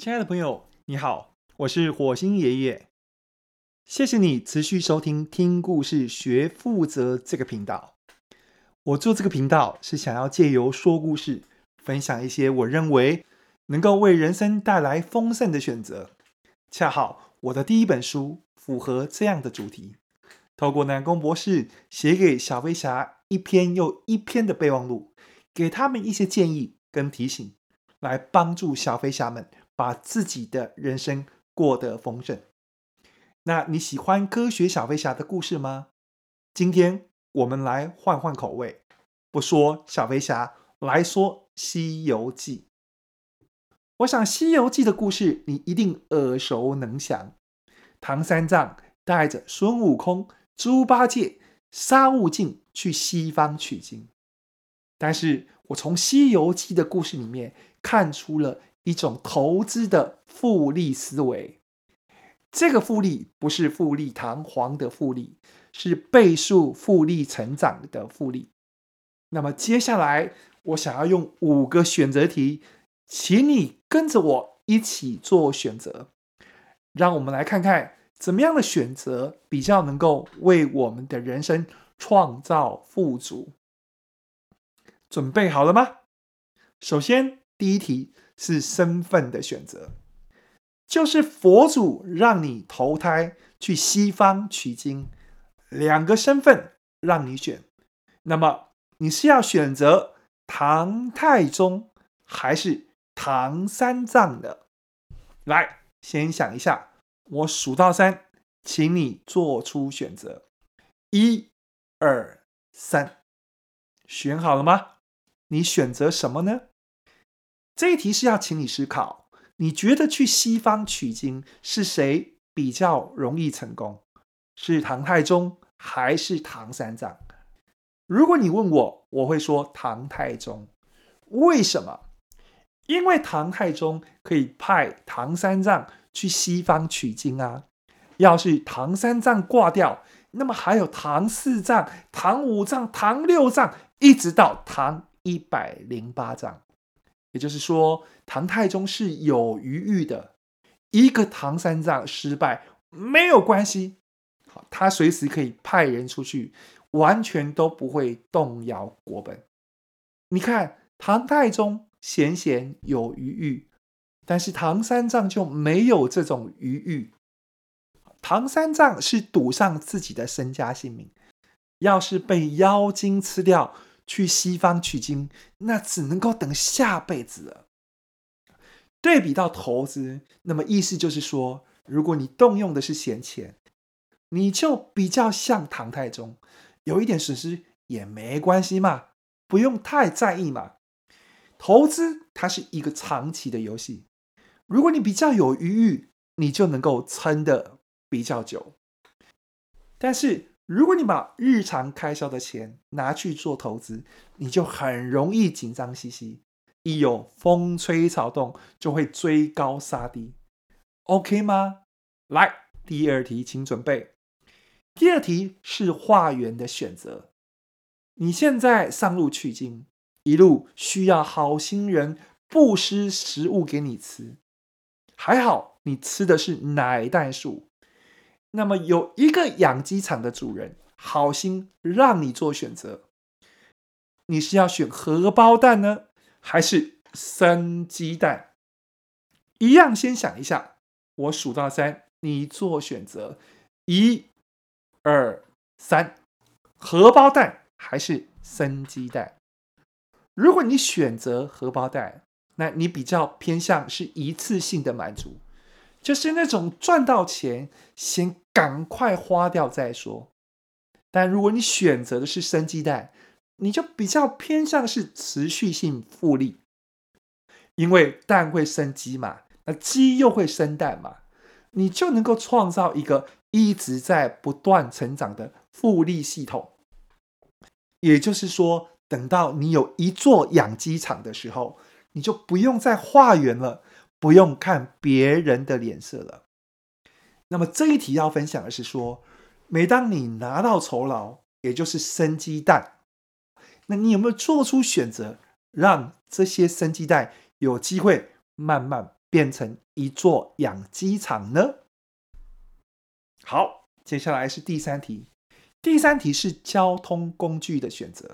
親愛的朋友，你好，我是火星爺爺。謝謝你持續收聽《聽故事學富擇》這個頻道。我做這個頻道是想要借由說故事，分享一些我認為能夠為人生帶來豐盛的選擇。恰好我的第一本書符合這樣的主題，透過南宮博士寫給小飛俠一篇又一篇的備忘錄，給他們一些建議跟提醒，來幫助小飛俠們。把自己的人生過得豐盛。那你喜歡《科學小飛俠》的故事嗎？今天我們來換換口味，不說小飛俠，來說《西遊記》。我想《西遊記》的故事你一定耳熟能詳，唐三藏帶着孫悟空、豬八戒、沙悟淨去西方取經，但是我從《西遊記》的故事裡面看出了一種投資的複利思維，這個複利不是富麗堂皇的複利，是倍數複利成長的複利。那麼接下來，我想要用五個選擇題，請你跟着我一起做選擇，讓我們來看看怎麼樣的選擇比較能夠為我們的人生創造富足。準備好了嗎？首先，第一題。是身份的選擇，就是佛祖讓你投胎去西方取經，兩個身份讓你選，那麼你是要選擇唐太宗還是唐三藏的？來，先想一下，我數到三，請你做出選擇。一、二、三，選好了嗎？你選擇什麼呢？這一題是要請你思考，你覺得去西方取經是誰比較容易成功？是唐太宗還是唐三藏？如果你問我，我會說唐太宗。為什麼？因為唐太宗可以派唐三藏去西方取經啊。要是唐三藏掛掉，那麼還有唐四藏、唐五藏、唐六藏，一直到唐一百零八藏。就是說，唐太宗是有餘裕的。一個唐三藏失敗沒有關係，他隨時可以派人出去，完全都不會動搖國本。你看，唐太宗閒閒有餘裕，但是唐三藏就沒有這種餘裕。唐三藏是賭上自己的身家性命，要是被妖精吃掉，去西方取經，那只能夠等下輩子了。對比到投資，那麼意思就是說，如果你動用的是閒錢，你就比較像唐太宗，有一點損失也沒關係嘛，不用太在意嘛。投資它是一個長期的遊戲，如果你比較有餘裕，你就能夠撐得比較久，但是。如果你把日常開銷的錢拿去做投資，你就很容易緊張兮兮，一有風吹草動就會追高殺低，OK 嗎？來，第二題，請準備。第二題是化緣的選擇。你現在上路取經，一路需要好心人布施食物給你吃，還好你吃的是奶袋鼠。那麼有一個養雞場的主人好心讓你做選擇，你是要選荷包蛋呢？還是生雞蛋？一樣，先想一下，我數到三，你做選擇，一、二、三，荷包蛋還是生雞蛋？如果你選擇荷包蛋，那你比較偏向是一次性的滿足。就是那種賺到錢先趕快花掉再說，但如果你選擇的是生雞蛋，你就比較偏向是持續性複利，因為蛋會生雞嘛，那雞又會生蛋嘛，你就能夠創造一個一直在不斷成長的複利系統。也就是說，等到你有一座養雞場的時候，你就不用再化緣了。不用看別人的臉色了。那麼這一題要分享的是說，每當你拿到酬勞，也就是生雞蛋，那你有沒有做出選擇，讓這些生雞蛋有機會慢慢變成一座養雞場呢？好，接下來是第三題。第三題是交通工具的選擇，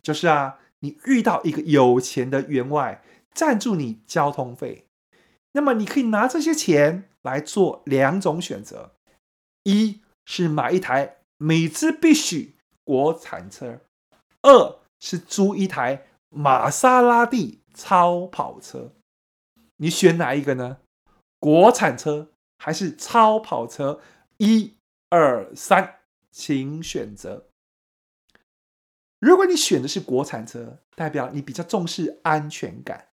就是啊，你遇到一個有錢的員外，贊助你交通費。那麼你可以拿這些錢來做兩種選擇：一是買一台美資必須國產車，二是租一台瑪莎拉蒂超跑車。你選哪一個呢？國產車還是超跑車？一、二、三，請選擇。如果你選的是國產車，代表你比較重視安全感。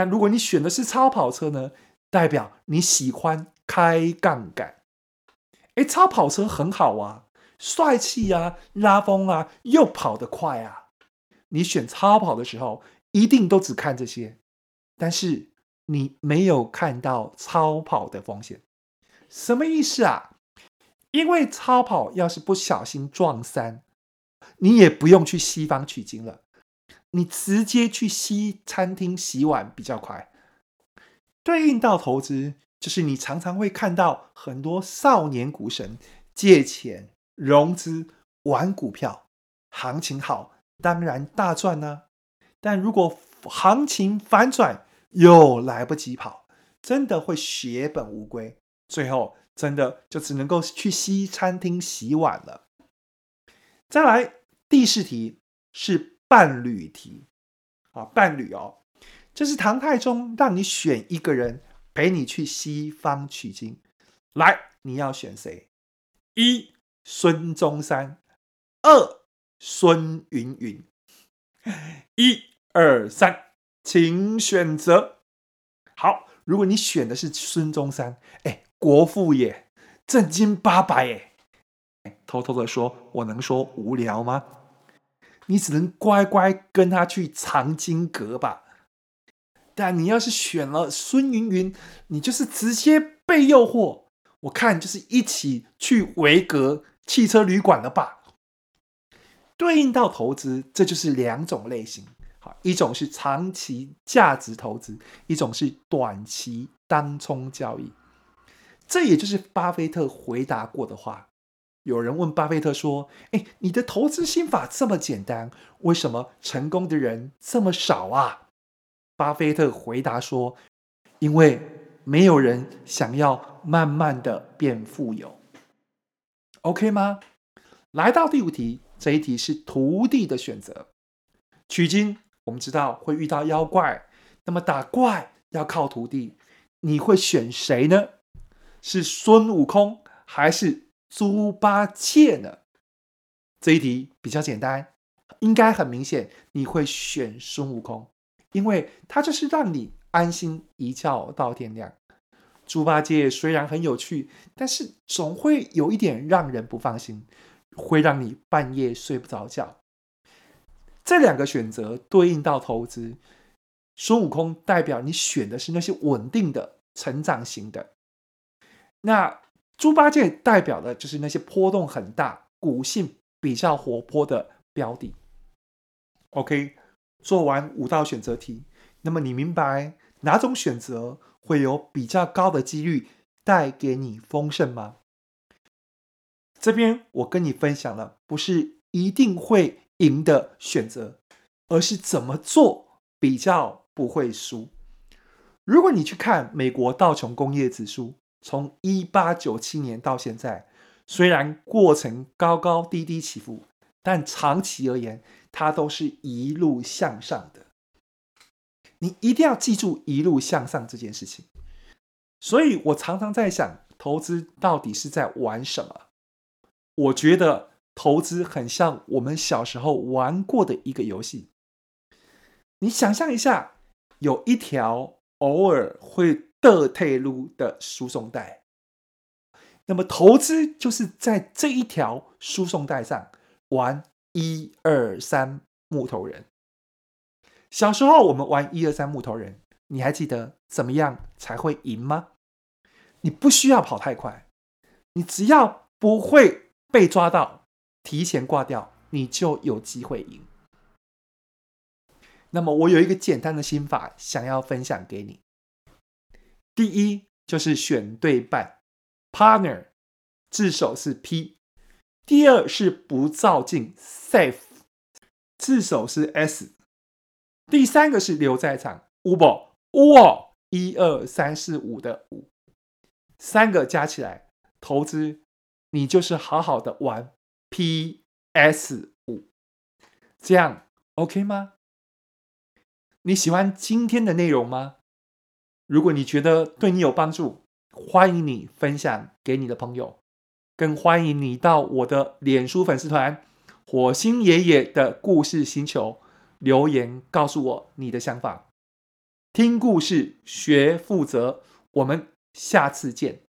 但如果你選的是超跑車呢，代表你喜歡開槓桿。哎、欸，超跑車很好啊，帥氣啊，拉風啊，又跑得快啊。你選超跑的時候，一定都只看這些，但是你沒有看到超跑的風險。什麼意思啊？因為超跑要是不小心撞山，你也不用去西方取經了。你直接去西餐廳洗碗比較快，對應到投資，就是你常常會看到很多少年股神借錢融資玩股票，行情好當然大賺啊，但如果行情反轉又來不及跑，真的會血本無歸，最後真的就只能夠去西餐廳洗碗了。再來第四題是。伴侶題啊，伴侶哦，這、就是唐太宗讓你選一個人陪你去西方取經，來，你要選誰？一孫中山，二孫芸芸，一二三，請選擇。好，如果你選的是孫中山，哎，國父耶，正經八百耶。偷偷的說，我能說無聊嗎？你只能乖乖跟他去藏經閣吧，但你要是選了孫芸芸，你就是直接被誘惑。我看就是一起去維格汽車旅館了吧。對應到投資，這就是兩種類型，好，一種是長期價值投資，一種是短期當沖交易。這也就是巴菲特回答過的話。有人問巴菲特說：“哎，你的投資心法這麼簡單，為什麼成功的人這麼少啊？”巴菲特回答說：“因為沒有人想要慢慢的變富有。OK 嗎？”來到第五題，這一題是徒弟的選擇。取經，我們知道會遇到妖怪，那麼打怪要靠徒弟，你會選誰呢？是孫悟空還是？豬八戒呢？這一題比較簡單，應該很明顯，你會選孫悟空，因為他就是讓你安心一覺到天亮。豬八戒雖然很有趣，但是總會有一點讓人不放心，會讓你半夜睡不着覺。這兩個選擇對應到投資，孫悟空代表你選的是那些穩定的、成長型的，那。豬八戒代表的就是那些波動很大、股性比較活潑的標的。OK，做完五道選擇題，那麼你明白哪種選擇會有比較高的幾率帶給你豐盛嗎？這邊我跟你分享了，不是一定會贏的選擇，而是怎麼做比較不會輸。如果你去看美國道瓊工業指數。從一八九七年到現在，雖然過程高高低低起伏，但長期而言，它都是一路向上的。你一定要記住“一路向上”這件事情。所以我常常在想，投資到底是在玩什麼？我覺得投資很像我們小時候玩過的一個遊戲。你想象一下，有一條偶爾會的退路的輸送帶，那麼投資就是在這一條輸送帶上玩一二三木頭人。小時候我們玩一二三木頭人，你還記得怎麼樣才會贏嗎？你不需要跑太快，你只要不會被抓到，提前掛掉，你就有機會贏。那麼我有一個簡單的心法，想要分享給你。第一就是選對伴，partner，字首是 P。第二是不躁進，safe，字首是 S。第三個是留在場，五寶，五寶，一二三四五的五。三個加起來，投資你就是好好的玩，P S 五，這樣 OK 嗎？你喜歡今天的內容嗎？如果你覺得對你有幫助，歡迎你分享給你的朋友，更歡迎你到我的臉書粉絲團《火星爺爺的故事星球》留言告訴我你的想法。聽故事學富擇，我們下次見。